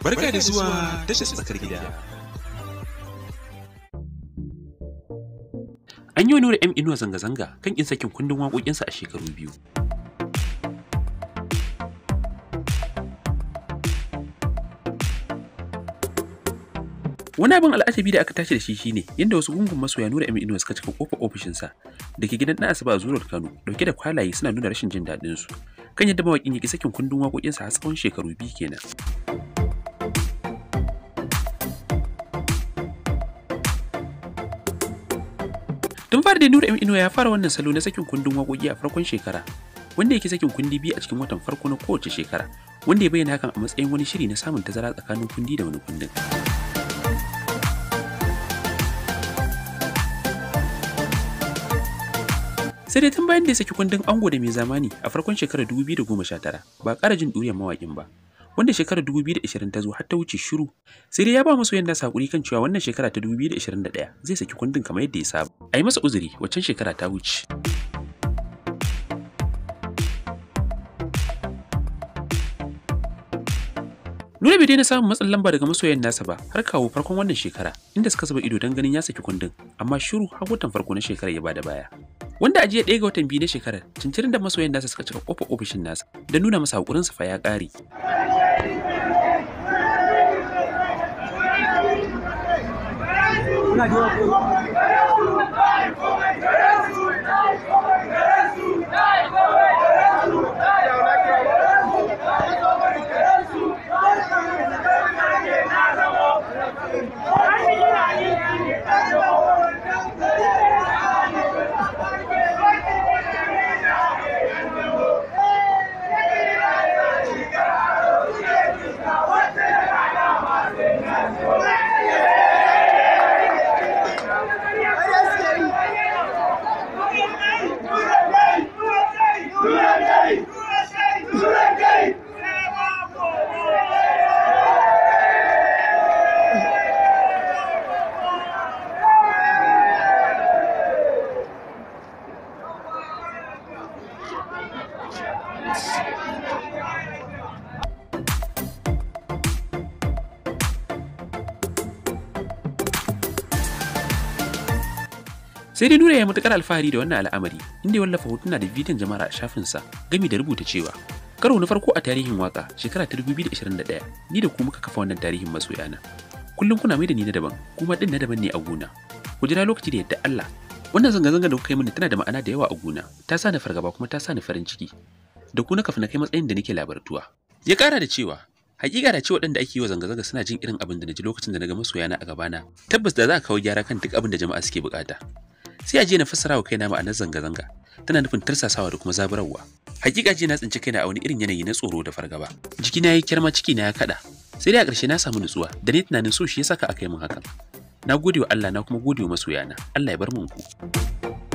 Barka da zuwa tashar tsakar gida. An yi wa Nura yan Inuwa zanga-zanga kan in sakin kundin waƙoƙinsa a shekaru biyu. Wani abin al'ajabi da aka tashi da shi shine yadda wasu gungun masoya nuna yan Inuwa suka cika kofar ofishinsa da ke gidan ɗan Asuba a Zurar Kano dauke da kwalaye suna nuna rashin jin daɗinsu kan yadda mawaƙin ya ƙi sakin kundin waƙoƙinsa har tsawon shekaru biyu kenan. Tun fara da Nura M ya fara wannan salo na sakin kundin waƙoƙi a farkon shekara, wanda yake sakin kundi biyu a cikin watan farko na kowace shekara, wanda ya bayyana hakan a matsayin wani shiri na samun tazara tsakanin kundi da wani kundin. sai dai tun bayan da ya saki kundin ango da mai zamani a farkon shekarar 2019 ba ƙara jin ɗuriyar mawaƙin ba wanda shekarar 2020 ta zo har ta wuce shiru sai dai ya ba masoyan nasa hakuri kan cewa wannan shekara ta 2021 zai saki kundin kamar yadda ya saba a yi masa uzuri waccan shekara ta wuce Nuna bai na samun matsin lamba daga masoyan nasa ba har kawo farkon wannan shekara inda suka saba ido don ganin ya saki kundin amma shiru har watan farko na shekarar ya bada baya. Wanda ajiya ɗaya ga watan biyu na shekarar cincirin da masoyan nasa suka cika kofa ofishin nasa don nuna masa haƙurinsa fa ya ƙare. I grew up with. sai dai nuna ya matukar alfahari da wannan al'amari inda ya wallafa hotuna da bidiyon jama'a a shafinsa gami da rubuta cewa karo na farko a tarihin waka shekara ta 2021 ni da ku muka kafa wannan tarihin na. kullum kuna mai da ni na daban kuma din na daban ne a gona ku jira lokaci da yadda Allah wannan zanga-zanga da kuka yi mini tana da ma'ana da yawa a gona ta sa ni fargaba kuma ta sa ni farin ciki da ku na kafa na kai matsayin da nake labartuwa ya kara da cewa hakika da ce waɗanda ake yi wa zanga-zanga suna jin irin abin da na ji lokacin da na ga masoyana a gabana tabbas da za a kawo gyara kan duk abin da jama'a suke bukata sai a je na fassara wa kaina ma'anar zanga-zanga tana nufin tarsasawa da kuma zaburarwa hakika je na tsinci kaina a wani irin yanayi na tsoro da fargaba jiki jikina yi kyarma ciki na ya kada sai dai a ƙarshe na samu nutsuwa da ni tunanin so shi ya saka aka yi min hakan na gode wa Allah na kuma gode wa masoyana Allah ya bar mun ku